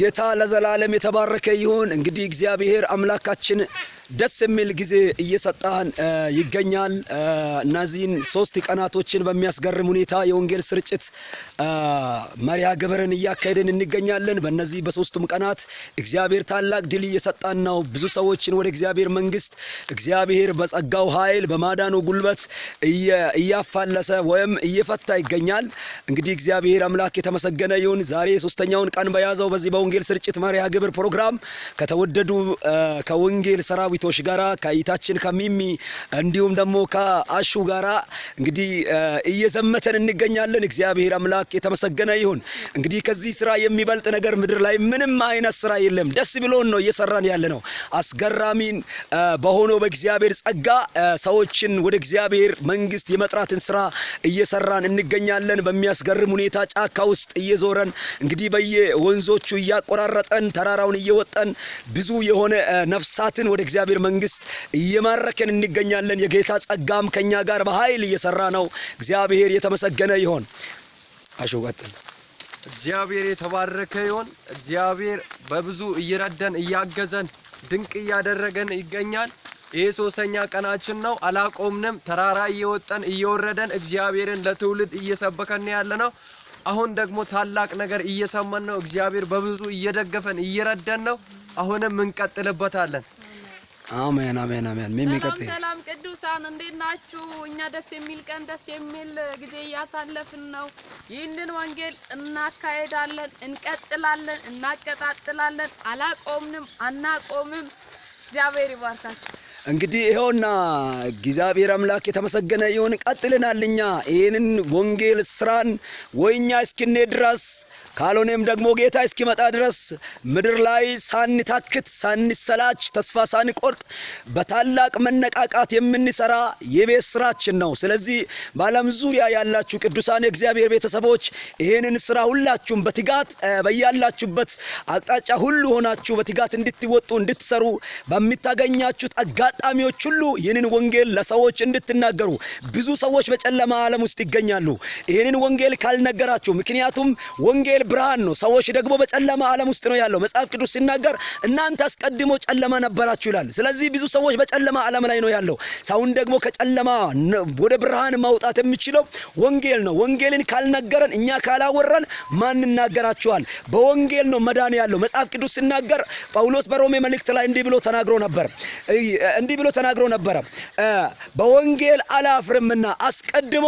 ጌታ ለዘላለም የተባረከ ይሁን። እንግዲህ እግዚአብሔር አምላካችን ደስ የሚል ጊዜ እየሰጣን ይገኛል። እነዚህን ሶስት ቀናቶችን በሚያስገርም ሁኔታ የወንጌል ስርጭት መሪያ ግብርን እያካሄድን እንገኛለን። በነዚህ በሶስቱም ቀናት እግዚአብሔር ታላቅ ድል እየሰጣን ነው። ብዙ ሰዎችን ወደ እግዚአብሔር መንግስት እግዚአብሔር በጸጋው ኃይል በማዳኑ ጉልበት እያፋለሰ ወይም እየፈታ ይገኛል። እንግዲህ እግዚአብሔር አምላክ የተመሰገነ ይሁን። ዛሬ ሶስተኛውን ቀን በያዘው በዚህ በወንጌል ስርጭት መሪያ ግብር ፕሮግራም ከተወደዱ ከወንጌል ሰራዊት ከዳዊቶች ጋራ ከይታችን ከሚሚ እንዲሁም ደግሞ ከአሹ ጋራ እንግዲህ እየዘመተን እንገኛለን። እግዚአብሔር አምላክ የተመሰገነ ይሁን። እንግዲህ ከዚህ ስራ የሚበልጥ ነገር ምድር ላይ ምንም አይነት ስራ የለም። ደስ ብሎን ነው እየሰራን ያለ ነው። አስገራሚን በሆነው በእግዚአብሔር ጸጋ ሰዎችን ወደ እግዚአብሔር መንግስት የመጥራትን ስራ እየሰራን እንገኛለን። በሚያስገርም ሁኔታ ጫካ ውስጥ እየዞረን እንግዲህ በየወንዞቹ እያቆራረጠን ተራራውን እየወጠን ብዙ የሆነ ነፍሳትን ወደ እግዚአብሔር የእግዚአብሔር መንግስት እየማረከን እንገኛለን። የጌታ ጸጋም ከኛ ጋር በኃይል እየሰራ ነው። እግዚአብሔር የተመሰገነ ይሆን። አሾ እግዚአብሔር የተባረከ ይሆን። እግዚአብሔር በብዙ እየረደን እያገዘን ድንቅ እያደረገን ይገኛል። ይህ ሶስተኛ ቀናችን ነው። አላቆምንም። ተራራ እየወጠን እየወረደን እግዚአብሔርን ለትውልድ እየሰበከን ያለ ነው። አሁን ደግሞ ታላቅ ነገር እየሰማን ነው። እግዚአብሔር በብዙ እየደገፈን እየረዳን ነው። አሁንም እንቀጥልበታለን። አሜን አሜን አሜን። ሰላም ቅዱሳን እንዴት ናችሁ? እኛ ደስ የሚል ቀን ደስ የሚል ጊዜ እያሳለፍን ነው። ይህንን ወንጌል እናካሄዳለን፣ እንቀጥላለን፣ እናቀጣጥላለን። አላቆምንም፣ አናቆምም። እግዚአብሔር ይባርካችሁ። እንግዲህ ይኸውና እግዚአብሔር አምላክ የተመሰገነ ይሁን። ቀጥልናል። እኛ ይህንን ወንጌል ስራን ወይኛ እስኪኔ ድረስ ካልሆነም ደግሞ ጌታ እስኪመጣ ድረስ ምድር ላይ ሳንታክት፣ ሳንሰላች፣ ተስፋ ሳንቆርጥ በታላቅ መነቃቃት የምንሰራ የቤት ስራችን ነው። ስለዚህ በዓለም ዙሪያ ያላችሁ ቅዱሳን የእግዚአብሔር ቤተሰቦች ይህንን ስራ ሁላችሁም በትጋት በያላችሁበት አቅጣጫ ሁሉ ሆናችሁ በትጋት እንድትወጡ እንድትሰሩ በሚታገኛችሁት አጋ አጋጣሚዎች ሁሉ ይህንን ወንጌል ለሰዎች እንድትናገሩ ብዙ ሰዎች በጨለማ ዓለም ውስጥ ይገኛሉ። ይህንን ወንጌል ካልነገራችሁ፣ ምክንያቱም ወንጌል ብርሃን ነው። ሰዎች ደግሞ በጨለማ ዓለም ውስጥ ነው ያለው። መጽሐፍ ቅዱስ ሲናገር እናንተ አስቀድሞ ጨለማ ነበራችሁ ይላል። ስለዚህ ብዙ ሰዎች በጨለማ ዓለም ላይ ነው ያለው። ሰውን ደግሞ ከጨለማ ወደ ብርሃን ማውጣት የሚችለው ወንጌል ነው። ወንጌልን ካልነገረን፣ እኛ ካላወራን ማን እናገራችኋል? በወንጌል ነው መዳን ያለው። መጽሐፍ ቅዱስ ሲናገር ጳውሎስ በሮሜ መልእክት ላይ እንዲህ ብሎ ተናግሮ ነበር እንዲህ ብሎ ተናግሮ ነበረ። በወንጌል አላፍርምና አስቀድሞ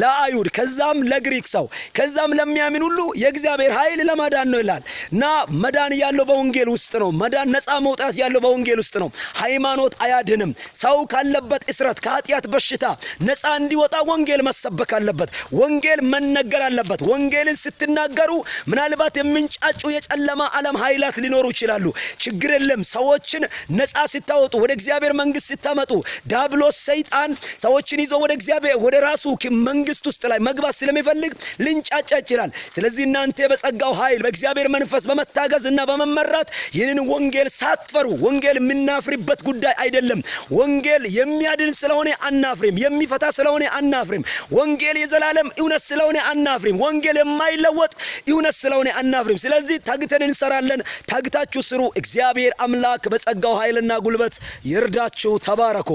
ለአይሁድ ከዛም ለግሪክ ሰው ከዛም ለሚያምን ሁሉ የእግዚአብሔር ኃይል ለማዳን ነው ይላል እና መዳን ያለው በወንጌል ውስጥ ነው። መዳን ነፃ መውጣት ያለው በወንጌል ውስጥ ነው። ሃይማኖት አያድንም። ሰው ካለበት እስረት ከኃጢአት በሽታ ነፃ እንዲወጣ ወንጌል መሰበክ አለበት። ወንጌል መነገር አለበት። ወንጌልን ስትናገሩ ምናልባት የምንጫጩ የጨለማ ዓለም ኃይላት ሊኖሩ ይችላሉ። ችግር የለም። ሰዎችን ነፃ ስታወጡ ወደ እግዚአብሔር መንግስት ስታመጡ ዳብሎስ ሰይጣን ሰዎችን ይዞ ወደ እግዚአብሔር ወደ ራሱ መንግስት ውስጥ ላይ መግባት ስለሚፈልግ ልንጫጫ ይችላል። ስለዚህ እናንተ በጸጋው ኃይል በእግዚአብሔር መንፈስ በመታገዝ እና በመመራት ይህንን ወንጌል ሳትፈሩ ወንጌል የምናፍርበት ጉዳይ አይደለም። ወንጌል የሚያድን ስለሆነ አናፍሪም። የሚፈታ ስለሆነ አናፍሪም። ወንጌል የዘላለም እውነት ስለሆነ አናፍሪም። ወንጌል የማይለወጥ እውነት ስለሆነ አናፍሪም። ስለዚህ ታግተን እንሰራለን። ታግታችሁ ስሩ። እግዚአብሔር አምላክ በጸጋው ኃይልና ጉልበት ይርዳችሁ። ተባረኩ።